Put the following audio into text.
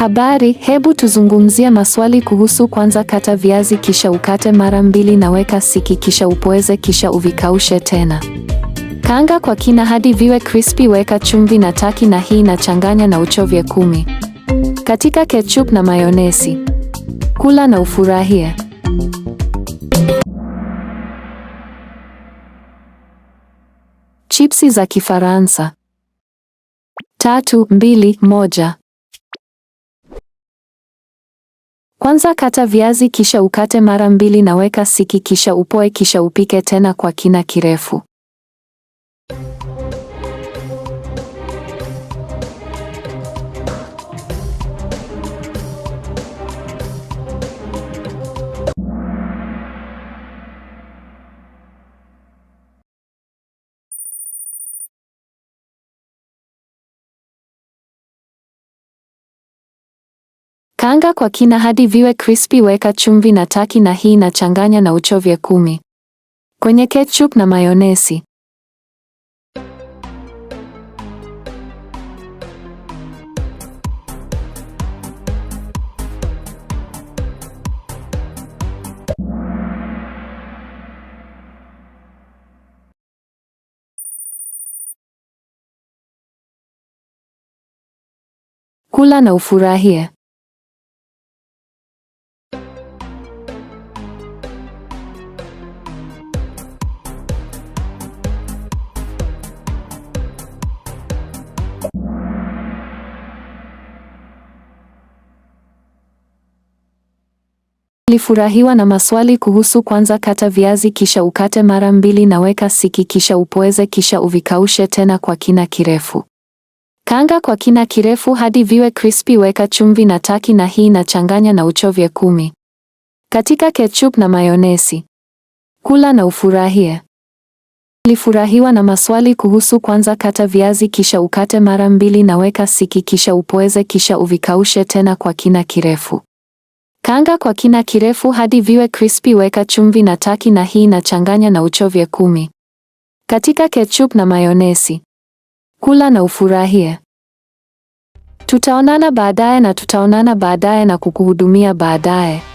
Habari, hebu tuzungumzie maswali kuhusu kwanza kata viazi kisha ukate mara mbili na weka siki kisha upoeze kisha uvikaushe tena. Kaanga kwa kina hadi viwe crispy, weka chumvi na taki na hii na changanya na uchovye kumi. Katika ketchup na mayonesi. Kula na ufurahie. Chipsi za Kifaransa. Tatu, mbili, moja. Kwanza kata viazi kisha ukate mara mbili na weka siki kisha upoe kisha upike tena kwa kina kirefu. Kaanga kwa kina hadi viwe crispy, weka chumvi na taki na hii na changanya na uchovye kumi kwenye ketchup na mayonesi. Kula na ufurahie. Nilifurahiwa na maswali kuhusu kwanza kata viazi kisha ukate mara mbili na weka siki kisha upoeze kisha uvikaushe tena kwa kina kirefu. kanga kwa kina kirefu hadi viwe crispy weka chumvi na taki na hii na changanya na uchovye kumi. Katika ketchup na mayonesi. Kula na ufurahie. Nilifurahiwa na maswali kuhusu kwanza kata viazi kisha ukate mara mbili na weka siki kisha upoeze kisha uvikaushe tena kwa kina kirefu kanga kwa kina kirefu hadi viwe crispy, weka chumvi na taki na hii nachanganya na uchovye kumi. Katika ketchup na mayonesi. Kula na ufurahie. Tutaonana baadaye na tutaonana baadaye na kukuhudumia baadaye.